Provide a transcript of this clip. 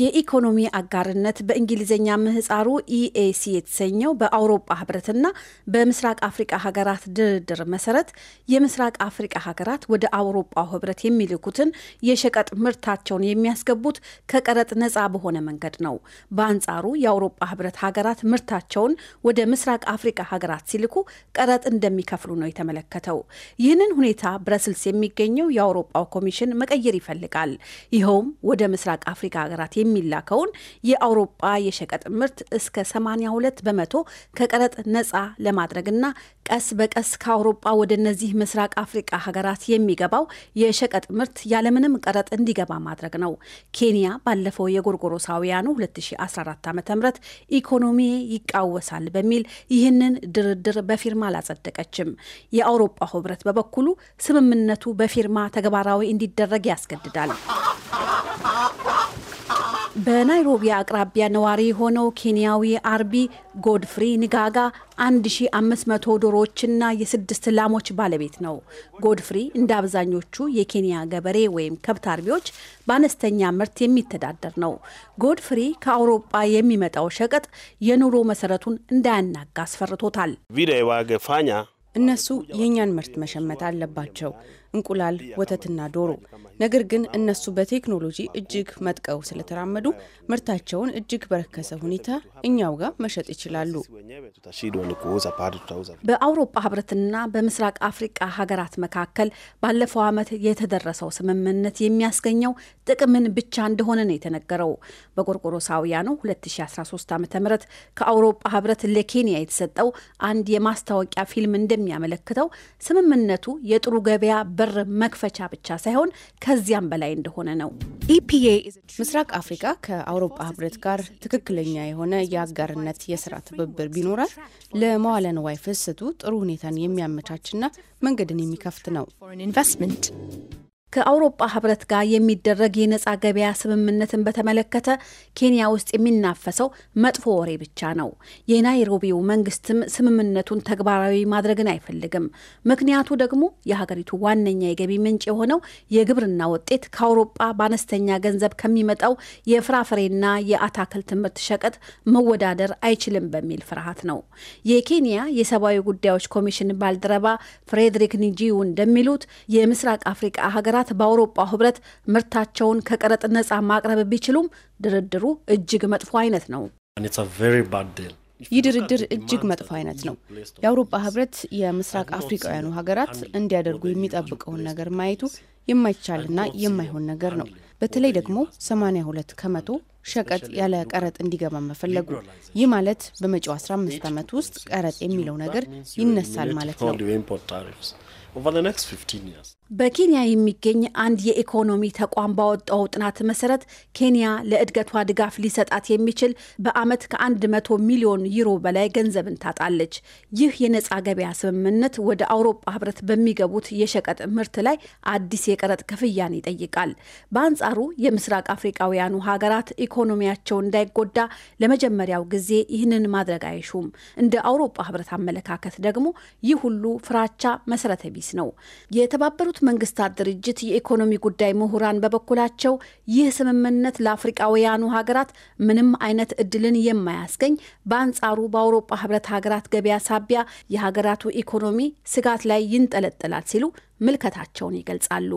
የኢኮኖሚ አጋርነት በእንግሊዝኛ ምህፃሩ ኢኤሲ e የተሰኘው በአውሮፓ ህብረትና በምስራቅ አፍሪቃ ሀገራት ድርድር መሰረት የምስራቅ አፍሪቃ ሀገራት ወደ አውሮፓው ህብረት የሚልኩትን የሸቀጥ ምርታቸውን የሚያስገቡት ከቀረጥ ነፃ በሆነ መንገድ ነው። በአንጻሩ የአውሮፓ ህብረት ሀገራት ምርታቸውን ወደ ምስራቅ አፍሪቃ ሀገራት ሲልኩ ቀረጥ እንደሚከፍሉ ነው የተመለከተው። ይህንን ሁኔታ ብረስልስ የሚገኘው የአውሮፓው ኮሚሽን መቀየር ይፈልጋል። ይኸውም ወደ ምስራቅ አፍሪካ ሀገራት የሚላከውን የአውሮጳ የሸቀጥ ምርት እስከ 82 በመቶ ከቀረጥ ነፃ ለማድረግና ቀስ በቀስ ከአውሮጳ ወደ እነዚህ ምስራቅ አፍሪቃ ሀገራት የሚገባው የሸቀጥ ምርት ያለምንም ቀረጥ እንዲገባ ማድረግ ነው። ኬንያ ባለፈው የጎርጎሮሳውያኑ 2014 ዓ ም ኢኮኖሚ ይቃወሳል በሚል ይህንን ድርድር በፊርማ አላጸደቀችም። የአውሮፓ ህብረት በበኩሉ ስምምነቱ በፊርማ ተግባራዊ እንዲደረግ ያስገድዳል። በናይሮቢ አቅራቢያ ነዋሪ የሆነው ኬንያዊ አርቢ ጎድፍሪ ንጋጋ 1500 ዶሮዎችና የስድስት ላሞች ባለቤት ነው። ጎድፍሪ እንደ አብዛኞቹ የኬንያ ገበሬ ወይም ከብት አርቢዎች በአነስተኛ ምርት የሚተዳደር ነው። ጎድፍሪ ከአውሮፓ የሚመጣው ሸቀጥ የኑሮ መሰረቱን እንዳያናጋ አስፈርቶታል። እነሱ የእኛን ምርት መሸመት አለባቸው። እንቁላል፣ ወተትና ዶሮ። ነገር ግን እነሱ በቴክኖሎጂ እጅግ መጥቀው ስለተራመዱ ምርታቸውን እጅግ በረከሰ ሁኔታ እኛው ጋር መሸጥ ይችላሉ። በአውሮፓ ህብረትና በምስራቅ አፍሪቃ ሀገራት መካከል ባለፈው ዓመት የተደረሰው ስምምነት የሚያስገኘው ጥቅምን ብቻ እንደሆነ ነው የተነገረው። በጎርጎሮሳውያኑ 2013 ዓ ም ከአውሮፓ ህብረት ለኬንያ የተሰጠው አንድ የማስታወቂያ ፊልም እንደሚያመለክተው ስምምነቱ የጥሩ ገበያ በር መክፈቻ ብቻ ሳይሆን ከዚያም በላይ እንደሆነ ነው። ኢፒኤ e ምስራቅ አፍሪካ ከአውሮፓ ህብረት ጋር ትክክለኛ የሆነ የአጋርነት የስራ ትብብር ቢኖራል ለመዋለ ንዋይ ፍሰቱ ጥሩ ሁኔታን የሚያመቻችና መንገድን የሚከፍት ነው። ከአውሮጳ ህብረት ጋር የሚደረግ የነፃ ገበያ ስምምነትን በተመለከተ ኬንያ ውስጥ የሚናፈሰው መጥፎ ወሬ ብቻ ነው። የናይሮቢው መንግስትም ስምምነቱን ተግባራዊ ማድረግን አይፈልግም። ምክንያቱ ደግሞ የሀገሪቱ ዋነኛ የገቢ ምንጭ የሆነው የግብርና ውጤት ከአውሮጳ በአነስተኛ ገንዘብ ከሚመጣው የፍራፍሬና የአታክልት ምርት ሸቀጥ መወዳደር አይችልም በሚል ፍርሃት ነው። የኬንያ የሰብአዊ ጉዳዮች ኮሚሽን ባልደረባ ፍሬድሪክ ኒጂዩ እንደሚሉት የምስራቅ አፍሪቃ ሀገራት ሀገራት በአውሮፓ ህብረት ምርታቸውን ከቀረጥ ነፃ ማቅረብ ቢችሉም ድርድሩ እጅግ መጥፎ አይነት ነው። ይህ ድርድር እጅግ መጥፎ አይነት ነው። የአውሮፓ ህብረት የምስራቅ አፍሪካውያኑ ሀገራት እንዲያደርጉ የሚጠብቀውን ነገር ማየቱ የማይቻልና የማይሆን ነገር ነው። በተለይ ደግሞ 82 ከመቶ ሸቀጥ ያለ ቀረጥ እንዲገባ መፈለጉ፣ ይህ ማለት በመጪው 15 ዓመት ውስጥ ቀረጥ የሚለው ነገር ይነሳል ማለት ነው። በኬንያ የሚገኝ አንድ የኢኮኖሚ ተቋም ባወጣው ጥናት መሰረት ኬንያ ለእድገቷ ድጋፍ ሊሰጣት የሚችል በዓመት ከ100 ሚሊዮን ዩሮ በላይ ገንዘብን ታጣለች። ይህ የነፃ ገበያ ስምምነት ወደ አውሮፓ ህብረት በሚገቡት የሸቀጥ ምርት ላይ አዲስ የቀረጥ ክፍያን ይጠይቃል። በአንጻሩ የምስራቅ አፍሪካውያኑ ሀገራት ኢኮኖሚያቸው እንዳይጎዳ ለመጀመሪያው ጊዜ ይህንን ማድረግ አይሹም። እንደ አውሮፓ ህብረት አመለካከት ደግሞ ይህ ሁሉ ፍራቻ መሰረተ ቢ ፖሊስ ነው። የተባበሩት መንግስታት ድርጅት የኢኮኖሚ ጉዳይ ምሁራን በበኩላቸው ይህ ስምምነት ለአፍሪቃውያኑ ሀገራት ምንም አይነት እድልን የማያስገኝ በአንጻሩ በአውሮፓ ህብረት ሀገራት ገበያ ሳቢያ የሀገራቱ ኢኮኖሚ ስጋት ላይ ይንጠለጠላል ሲሉ ምልከታቸውን ይገልጻሉ።